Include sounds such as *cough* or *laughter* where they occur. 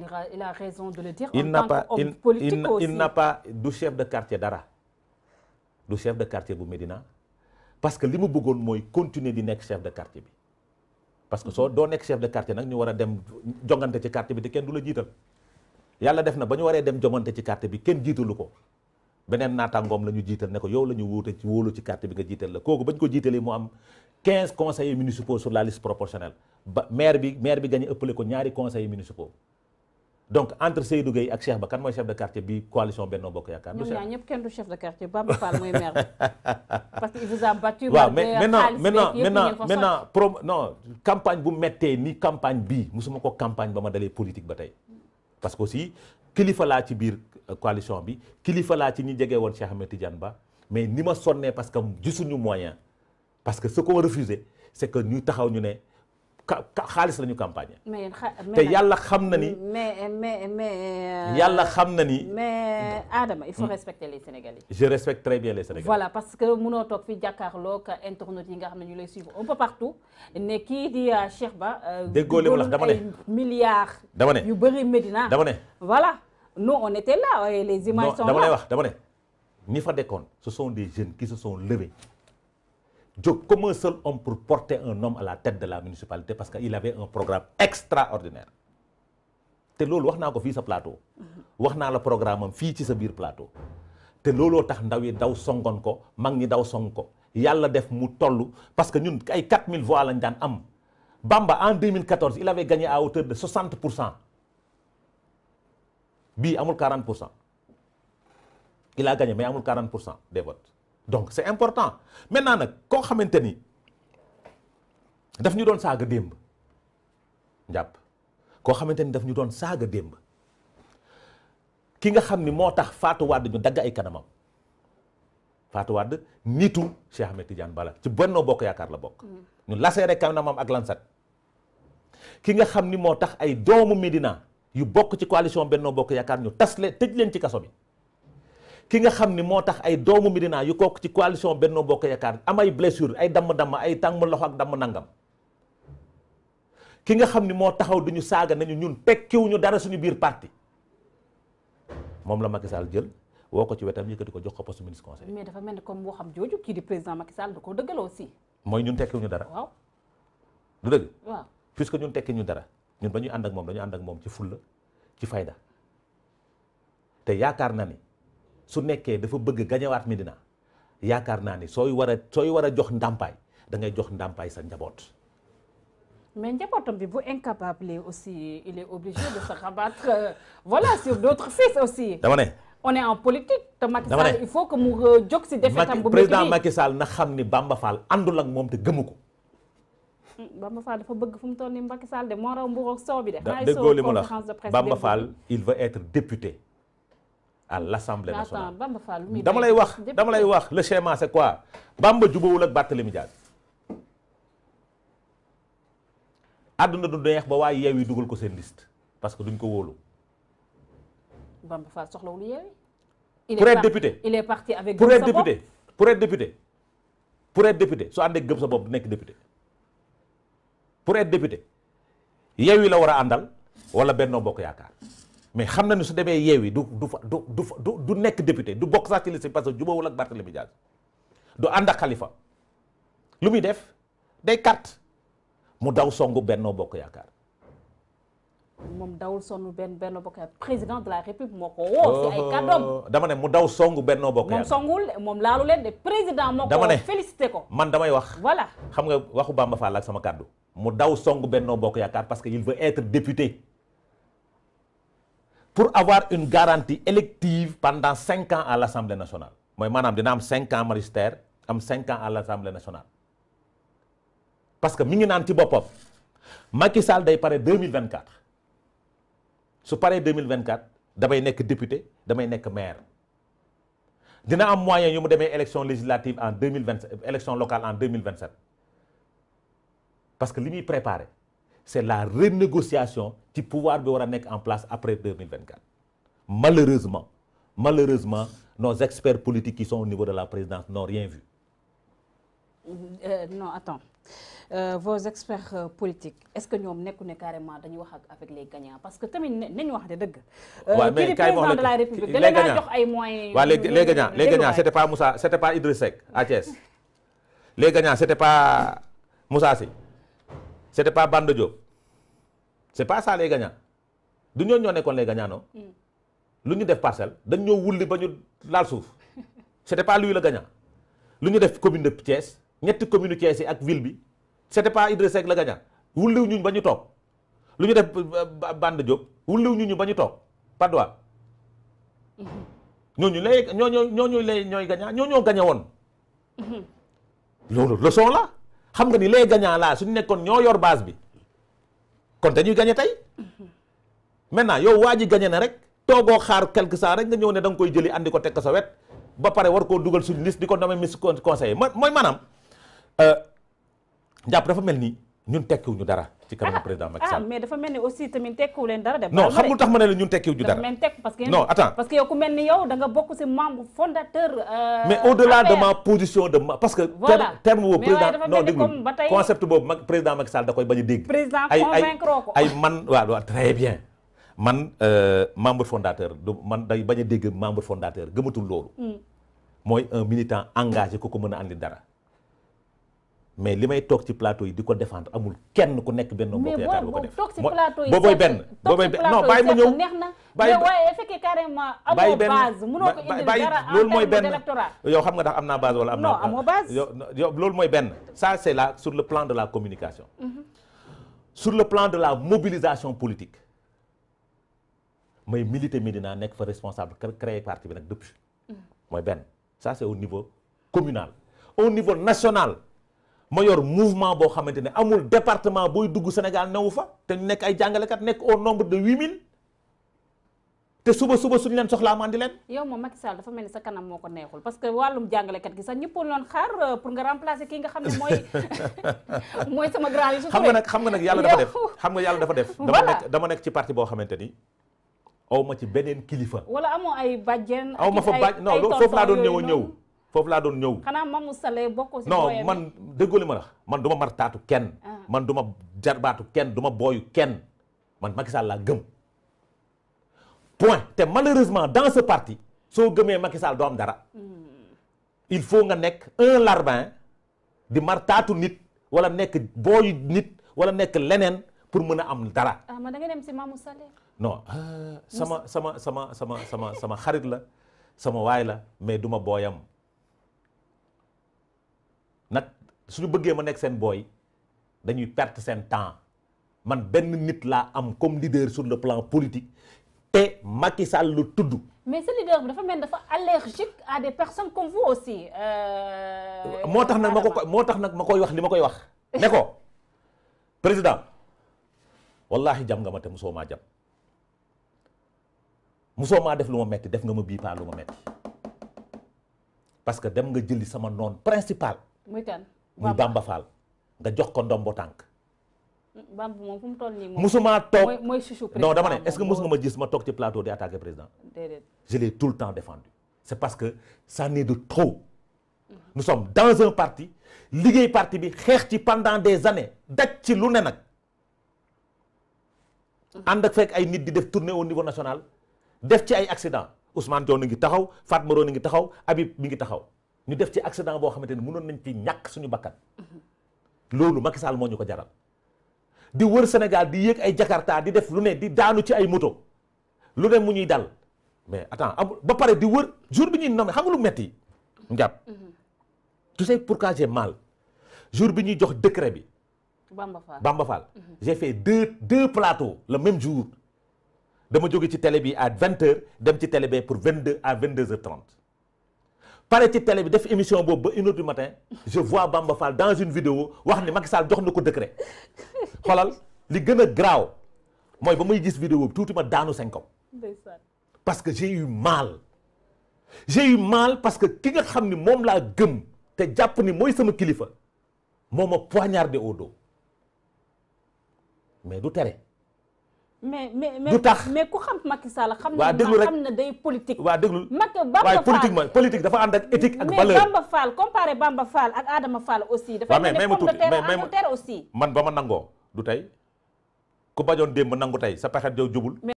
il a, il a raison de le dire. il n'a pas il, il, il n'a pas du chef de quartier dara du chef de quartier bu Médina parce que li mu bëggoon mooy continuer di nekk chef de quartier bi parce que soo doo nekk chef de quartier nag ñu war a dem jongante ci quartier bi te kenn du la jiital yàlla def na ba ñu waree dem jongante ci quartier bi kenn jiitalu ko beneen naataangoom la ñu jiital ne ko yow la ñu wóote ci wóolu ci quartier bi nga jiital la kooku ba ñu ko jiitalee mu am 15 conseillers municipaux la liste proportionnelle ba maire bi maire bi gañe ëppale ko ñaari conseillers donc entre Seydou Gueye ak Cheikh Ba kan mooy chef de quartier bi coalition Benno Bokk Yaakaar. ñoom ñaar ñëpp kenn du chef de quartier Bamba Fall mooy maire *laughs* bu méttee ni campagne bii musuma ko campagne ba ma dalee politique ba tey. parce que aussi kilifa laa ci biir euh, coalition bi kilifa laa ci ñi jege woon Cheikh Ahmed Tidiane Ba mais ni ma sonnee parce que gisuñu moyen parce que ce qu'on refusait c'est que ñu taxaw ñu ne. xaalis la ñu campagne. mais te yàlla xam na ni. mais mais mais. Euh, yàlla xam na ni. mais Adama il faut mm. respecter les Sénégalais. je respecte très bien les Sénégalais. voilà parce que munoo toog fi jàkkaarloog internautes yi nga xam na ñu lay suivre un peu partout ne kii di euh, Cheikh Ba. Euh, déggoo leen wala dama ne milliards. dama yu bëri Medina. dama ne voilà no on était là les images sont là. dama wax dama ne ñi fa dekkoon ce sont des jeunes qui se sont levés. jóg comme un seul homme pour porter un homme à la tête de la municipalité parce que il avait un programme extraordinaire te loolu wax naa ko fii sa plateau wax naa la programme am fii ci sa biir plateau te looloo tax ndaw yi daw songoon ko mag ñi daw song ko yàlla def mu toll parce que ñun ay 4000 voix lañ daan am Bamba en 2014 il avait gagné à hauteur de 60 pour cent bii amul 40 pour cent il a gagné mais amul 40 pour cent des votes donc c'est important maintenant nag koo xamante ni daf ñu doon saaga démb njàpp koo xamante ni daf ñu doon saaga démb ki nga xam ni moo tax faatuwaat Wade ñu dagg ay kanamam Fatou Wade nitu Cheikh Ahmed Tidiane Bala ci Benno Bokk Yaakaar la bokk. ñu laseere kanamam ak lansat ki nga xam ni moo tax ay doomu Médina yu bokk ci coalition Benno Bokk Yaakaar ñu tas leen tëj leen ci kaso bi. ki nga xam ni moo tax ay doomu Médina yu kook ci coalition Benno Bokk Yaakaar am ay blessure ay damm-damm ay tàng loxo ak damm nangam ki nga xam ni moo taxaw duñu saaga nañu ñun tekkiwuñu dara suñu biir parti moom la Macky Sall jël woo ko ci wetam yëkkati ko jox ko poste ministre conseil. mais dafa mel ni comme waxam jooju kii di président Macky Sall da koo dëggal aussi. mooy ñun tekkiwuñu dara. waaw du dëgg. waaw puisque ñun tekkiwuñu dara ñun ba ñuy ànd ak moom dañu ànd ak moom ci fulla ci fayda te yaakaar na ni. su nekkee dafa bëgg gañewaat Medina yaakaar naa ni sooy war a sooy war a jox ndàmpaay da ngay jox ndàmpaay sa njaboot. mais njabootam bi bu incapable aussi il est obligé de se rabattre euh, voilà sur d'autres fils aussi. dama ne. on est en politique te Macky Sall il faut que mu euh, jóg si défaitam bu président Macky Sall na xam ni Bamba Fall àndul ak moom te gëmu ko. Hmm, Bamba Fall dafa bëgg fu mu toll nii Macky Sall de moo raw mbuur ak soow bi de. déggoo li il veut être député. a l'Assemblée nationale dama lay wax dama lay wax le schéma c'est quoi Bamba jubawul ak Barthélémy Dias àdduna du neex ba waaye yeew yi dugal ko seen liste parce que duñ ko wóolu Bamba Fall soxlawul yeew yi pour être député il est parti avec pour être député pour être député pour être député su àndee gëm sa bopp du nekk député pour être député yeew yi la war a àndal wala Benno Bokk Yaakaar mais xam na nañu su demee yeewi du du fa du du du du nekk député du bokk sax ci liste parce que jubawul ak Barthélemy Dias du ànd ak Khalifa lu muy def day carte mu daw songu Benno Bokk Yaakaar. moom dawul sonn benn Benno Bokk Yaakaar président de la république moo ko woo. si ay oh, kàddoom dama ne mu daw songu Benno Bokk Yaakaar. moom moom laalu leen de président moo ko woo félicité ko. man damay wax. voilà xam nga waxu Bamba Fall ak sama kàddu. mu daw songu Benno Bokk Yaakaar parce que il veut être député. pour avoir une garantie élective pendant cinq ans à l'Assemblée nationale mooy maanaam dina am cinq ans magistère am cinq ans à l'Assemblée nationale parce que mu ngi naan ci boppam Macky Sall day pare 2024 su paree 2024 damay nekk député damay nekk maire dina am moyen yu mu demee élection législative en 2027 élection locale en 2027 parce que li muy préparé c'est la renégociation ci pouvoir bi war a nekk en place après 2024 malheureusement malheureusement nos experts politiques qui sont au niveau de la présidence n'ont rien vu euh, non attends Euh, vos experts euh, politiques est-ce que ñoom nekku ne carrément dañuy wax ak avec les gagnants parce que tamit nañu wax de dëgg. waaw euh, mais kay président de la république da leen jox ay moyens. waaw les les gagnants les gagnants c'était pas Moussa c'était pas Idriss Seck à Thiès. *laughs* les gagnants c'était pas Moussa Sy pas Banda c'est pas ça les gagnants du ñoo ñoo nekkoon les gagnants non hmm. lu ñu def parcelle dañ ñoo wulli ba ñu laal suuf c'était pas lui le gaña lu ñu def commune de Thiès ñetti commune Thiès ak ville bi c'était pas Idrissa Seck le gagnant wulliw ñu ba ñu toog lu ñu def euh, band Diop wulliw ñu ñu ba ñu toog Padois hmm. ñooñu ñoo ñooñoo ñooñu lay ñooy gagnant ñoo ñoo gagné woon hmm. le leçon la xam nga ni les gagnants su ñu nekkoon ñoo yor base bi kon dañuy gagné tey maintenant yow waa ji gagné na rek toogoo xaar quelque saa rek nga ñëw ne da nga koy jëli andi ko teg ko wet ba pare war koo dugal suñu liste di ko nommé ministre conseiller mooy manaam euh, jàpp dafa mel nii. ñun tekkiwu ñu dara ci kanam ah, président Macky ah, Sall. ah mais dafa mel ni aussi tamit tekkiwu leen dara de. non xam lu tax ma ne la ñun tekkiwu dara. mel ni yow parce que. terme boobu président non da koy bañ a dégg. président convaincre ko ay ay man waaw waaw très bien. man euh, membre fondateur du man day bañ a dégg membre fondateur gëmatul loolu. Hmm. mooy un militant engagé ku ko mën a andi dara. mais li may toog ci plateau yi di ko défendre amul kenn ku nekk benn mbokk yaakaar bu ko def boobooy benn boobooy benn non bàyyi ma ñëw bàyyi bàyyi benn bàyyi loolu mooy benn yow xam nga ndax am naa base am naa yow loolu mooy benn ça c'est là sur le plan de la communication mm-hmm. sur le plan de la mobilisation politique may milité Médina nekk fa responsable créer parti bi nag depuis mm. mooy benn ça c'est au niveau communal au niveau national ma yor mouvement boo xamante ne amul département booy dugg Sénégal newu fa te ñu nekk ay jàngalekat nekk au nombre de huit mille te suba suba suñu leen soxlaa mandi leen. yow moom Macky Sall dafa mel ni sa kanam moo ko neexul parce que wàllum jàngalekat gi sax ñëppoon loon xaar euh, pour nga remplacer ki nga xam ne mooy *laughs* mooy sama grand yi. xam nga nag xam nga nag yàlla dafa def xam nga yàlla dafa def. *laughs* dama nekk dama nekk ci parti boo xamante ni. aw ma ci beneen kilifa. wala amoo ay bàjjen. aw ma fa bàjj non foofu laa doon ñëw ñëw. foofu laa doon ñëw. xanaa Mamou Salé bokkoo si. non man déggoo li ma wax man duma ma mar taatu kenn. Ah. man duma jarbaatu kenn du ma booyu kenn man Macky Sall laa gëm. point te maleureusement dans ce parti soo gëmee Macky Sall doo am dara. Hmm. il faut nga nekk un larbin di martaatu nit wala nekk booyu nit wala nekk leneen pour mën a am dara. ah man da nga dem si Mamou Salé. non ah, sama sama sama sama sama sama xarit la sama waay la mais du ma booyam. suñu bëggee ma nekk seen booy dañuy perte seen temps man benn nit laa am comme leader sur le plan politique te Macky Sall lu tudd. mais ce leader bi dafa mel dafa allergique à des personnes comme vous aussi. Euh, moo tax nag ma ko moo tax nag ma koy wax li ma koy wax. ne ko *laughs* président wallahi jam nga ma te musoo maa jam musoo maa def lu ma metti def nga ma bii paa lu ma metti parce que dem nga jëli sama noon principal. muy muy Bamba Fall nga jox ko ndombo tànk. Bamba moom fu mu toll nii moom musuma toog mooy chouchou président non dama ne est-ce que mus nga ma gis ma toog ci plateau di attaquer président. déedéet je l'ai tout le temps défendu. c'est parce que ça du de trop. nous sommes dans un parti liggéey parti bi xeex ci pendant des années daj ci lu ne nag. ànd ak fekk ay nit di def tournée au niveau nationale def ci ay accident Ousmane Dione ngi taxaw Fatma Roné ngi taxaw Habib mi ngi taxaw. ñu def ci accident boo xamante ni mënoon nañ ci ñàkk suñu bakkan loolu Macky Sall moo ñu ko jaral di wër Sénégal di yéeg ay Jakarta di def lu ne di daanu ci ay moto lu ne mu ñuy dal mais attends am ba pare di wër jour bi ñuy nommé xam lu metti njàpp tu sais pourquoi j'ai mal jour bi ñuy jox décret bi Bamba Fall Bamba Fall mm-hmm. j'ai fait deux deux plateaux le même jour dama jóge ci télé bi à vingt heures dem ci télé bi pour vingt deux à vingt deux heures trente pare ci tele bi def émission boobu ba une heure du matin je vois Bamba Fall dans une vidéo wax ni Macky Sall jox na ko décret xoolal li gën a graaw mooy ba muy gis vidéo bi tuuti ma daanu sañ ko parce que j'ai eu mal j'ai eu mal parce que ki nga xam ni moom laa gëm te jàpp ni mooy sama kilifa moo ma poignardé au mais du tere mais mais du tax mais ku xam Macky Sall xam na day politique waaw déglu Macky Bamba Fall politique mooy politique dafa ànd ak éthique ak valeur mais Bamba Fall comparé Bamba Fall ak Adama Fall aussi dafa mel ni pomme de terre en terre man ba ma nangoo du tey ku bajoon démb nangu tey sa pexe yow